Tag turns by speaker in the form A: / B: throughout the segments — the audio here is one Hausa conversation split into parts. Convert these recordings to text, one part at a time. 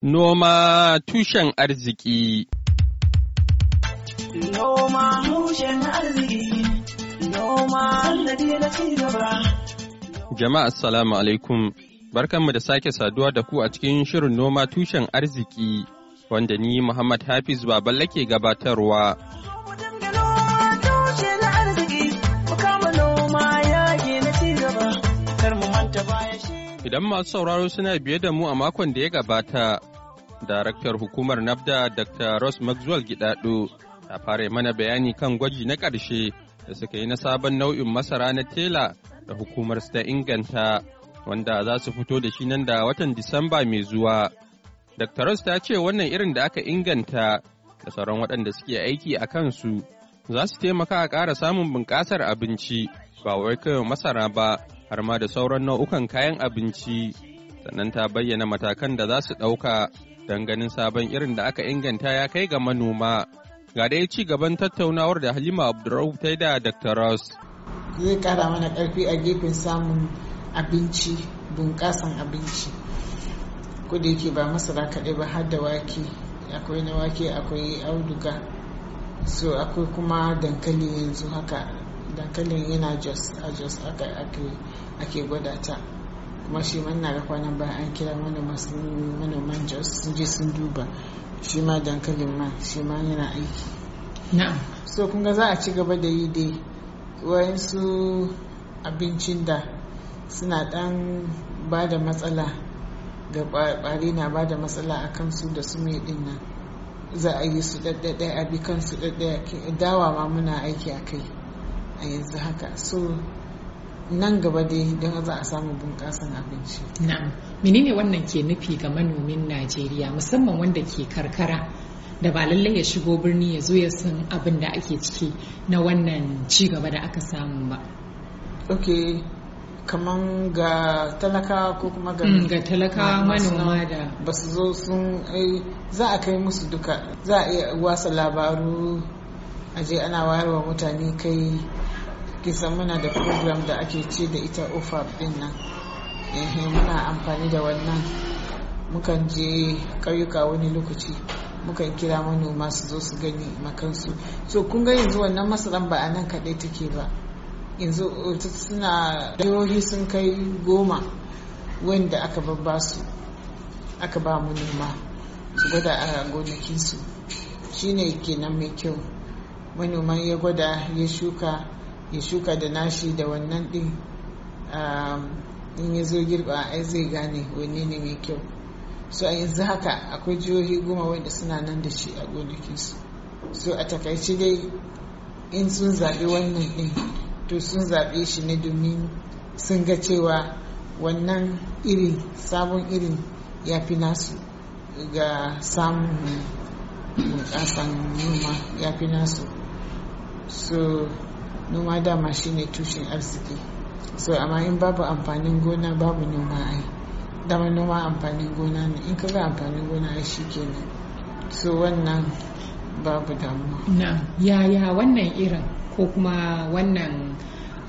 A: Noma tushen arziki Jama'a assalamu alaikum barkanmu da sake saduwa da ku a cikin shirin noma tushen arziki wanda ni Muhammad Hafiz baban ke gabatarwa Idan masu sauraro suna biye da mu a makon da ya gabata, daraktar hukumar nafda dr ross maxwell gidado ta fara mana bayani kan gwaji na ƙarshe da suka yi na sabon nau'in masara na tela da hukumar ta inganta wanda za su fito da shi nan da watan disamba mai zuwa dr ross ta ce wannan irin da aka inganta da sauran waɗanda suke aiki a kansu za su taimaka a ƙara samun bunƙasar abinci ba wai kawai masara ba har ma da sauran nau'ukan kayan abinci sannan ta bayyana matakan da za su ɗauka don ganin sabon irin da aka inganta ya kai ga manoma. Ga dai ci gaban tattaunawar da Halima abdurrahu ta yi da Dr. Ross.
B: Zai kara mana karfi a gefen samun abinci, bunƙasan abinci. Ko da yake ba masara kaɗai ba har da wake, akwai na wake akwai auduga. So akwai kuma dankali yanzu haka, dankalin yana jos a jos ake gwadata. kuma shi ma na ga kwanan bayan an kira manoman jos sun je sun duba shi ma dankalin ma shi ma yana
C: aiki
B: so kun ga za a ci gaba da yi dai wayansu abincin da suna dan ba da matsala ga bari na ba da matsala a kansu da su mai din nan za a yi su ɗaɗɗaya a bi kansu ɗaɗɗaya dawa ma muna aiki a kai a yanzu haka so nan gaba dai
C: don za a samu bunƙasan abinci. Na'am. Menene wannan ke nufi ga manomin Najeriya musamman wanda ke karkara da ba lallai ya shigo birni ya zo ya san abin da ake ciki na wannan ci gaba da aka samu ba.
B: Ok, kaman ga talaka ko kuma ga mm, ga talaka manoma da ba su zo sun ai eh, za a kai musu duka za a iya wasa labaru aje ana wayarwa mutane kai kisa muna da program da ake ce da ita ofar din nan muna amfani da wannan mukan je ƙauyuka wani lokaci mukan kira manoma su zo su gani makansu so kun ga yanzu wannan masaran ba a nan kaɗai take ba yanzu suna jihohi sun kai goma wanda aka babba su aka ba mu noma su gwada a gonakinsu shine kenan mai kyau manoman ya gwada ya shuka ya shuka da nashi da wannan ɗin um, in ya zo girba ai zai gane Wani ne mai kyau so a yanzu haka akwai jihohi goma wanda suna nan da shi a gonakinsu so a takaici dai in sun zaɓi wannan ɗin to sun zaɓe shi ne domin sun ga cewa wannan irin sabon irin ya fi nasu ga samun ƙasan noma ya fi nasu so noma dama shi ne tushen arziki so amma in babu amfanin gona babu noma ai dama noma amfanin gona ne in kaga amfanin gona ai shikenan so wannan babu damuwa na yaya
C: wannan irin ko kuma wannan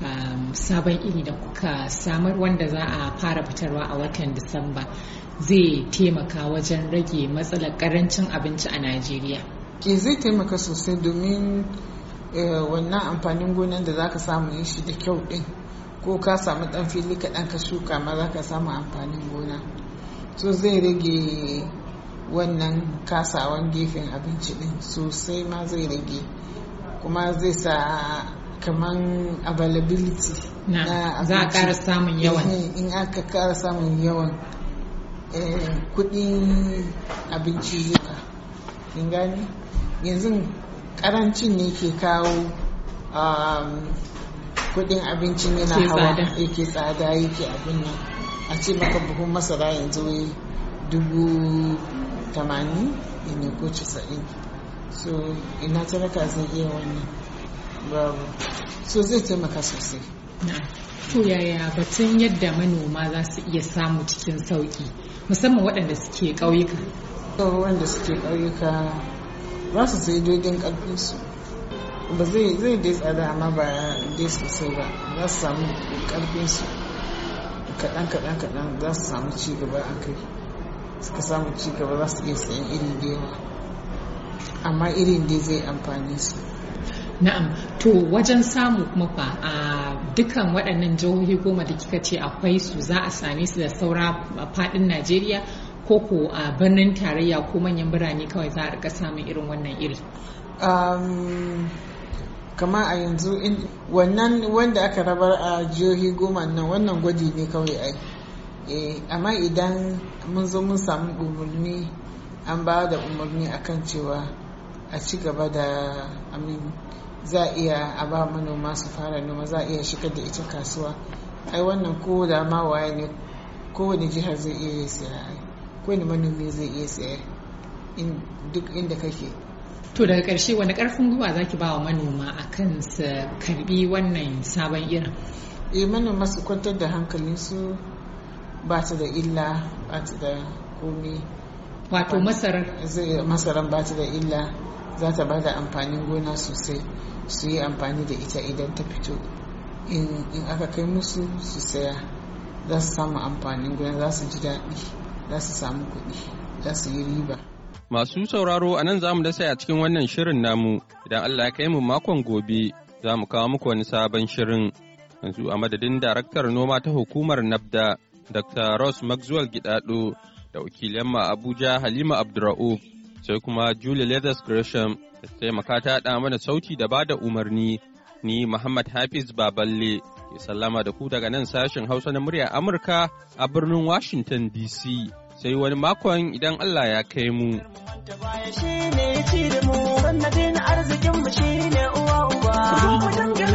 C: um, sabon iri da kuka samar wanda za a fara fitarwa a watan disamba zai taimaka wajen rage
B: matsalar karancin abinci a najeriya ke eh, zai taimaka sosai domin Eh, wannan amfanin gonan da zaka samu yi shi da kyau din ko ka samu dan fili kaɗan ka shuka ma zaka samu amfanin gona so zai rage wannan kasawan gefen abinci din sosai ma zai rage kuma zai sa kamar availability na za a ƙara samun yawan eh, in aka ƙara samun yawan eh, kudin abinci zuka yanzu karancin ne ke kawo um, kudin abincin yana hawa yake tsada yake abin nan a ce maka buhun masara yanzu dubu tamanin ne ko casa'in so ina talaka zai iya wani babu so zai taimaka sosai to yaya batun
C: yadda manoma za su iya samu cikin sauki musamman waɗanda suke ƙauyuka
B: wanda suke ƙauyuka za su sai dogin karfin su ba zai dai tsada amma ba dai sosai ba za su samu karfin su kaɗan kaɗan kaɗan za su samu ci gaba a kai suka samu ci gaba za su iya sayan irin da yawa amma irin dai zai amfani su
C: na'am to wajen samu kuma fa a dukkan waɗannan jihohi goma da kika ce akwai su za a same su da saura faɗin najeriya Koko, a birnin
B: tarayya ko manyan birane kawai za a rika samun irin wannan iri um, kama a yanzu wannan wanda aka rabar a jihohi goma nan wannan gwaji ne kawai ai eh, amma idan mun zo mun samu umarni an ba da umarni akan cewa a ci gaba da amin za a iya a ba manoma su fara noma za a iya shigar da ita kasuwa ai wannan ko da ma waye ne kowane jihar zai iya sai kowane manomi zai iya tsaye
C: duk inda kake to daga ƙarshe wani ƙarfin gwiwa za ki ba wa manoma a kan su karbi wannan sabon irin eh manoma su kwantar da
B: hankalinsu ba ta da illa ba ta da komi wato masarar masarar ba ta da illa za ta ba da amfanin gona sosai su yi amfani da ita idan ta fito in aka kai musu su saya za su samu amfanin gona za su ji daɗi za su samu kuɗi za su yi riba
A: masu sauraro a nan za mu dasa a cikin wannan shirin namu idan allah ya kai mu makon gobe za mu kawo muku wani sabon shirin yanzu a madadin daraktar noma ta hukumar nabda dr ross maxwell gidado da wakilin ma abuja halima abdurra'uf sai kuma julia leathers gresham da taimaka ta da mana sauti da bada umarni ni muhammad hafiz baballe ke sallama da ku daga nan sashen hausa na murya amurka a birnin washington dc sai wani makon idan Allah ya kai mu. arzikin mu shine
B: uwa uba.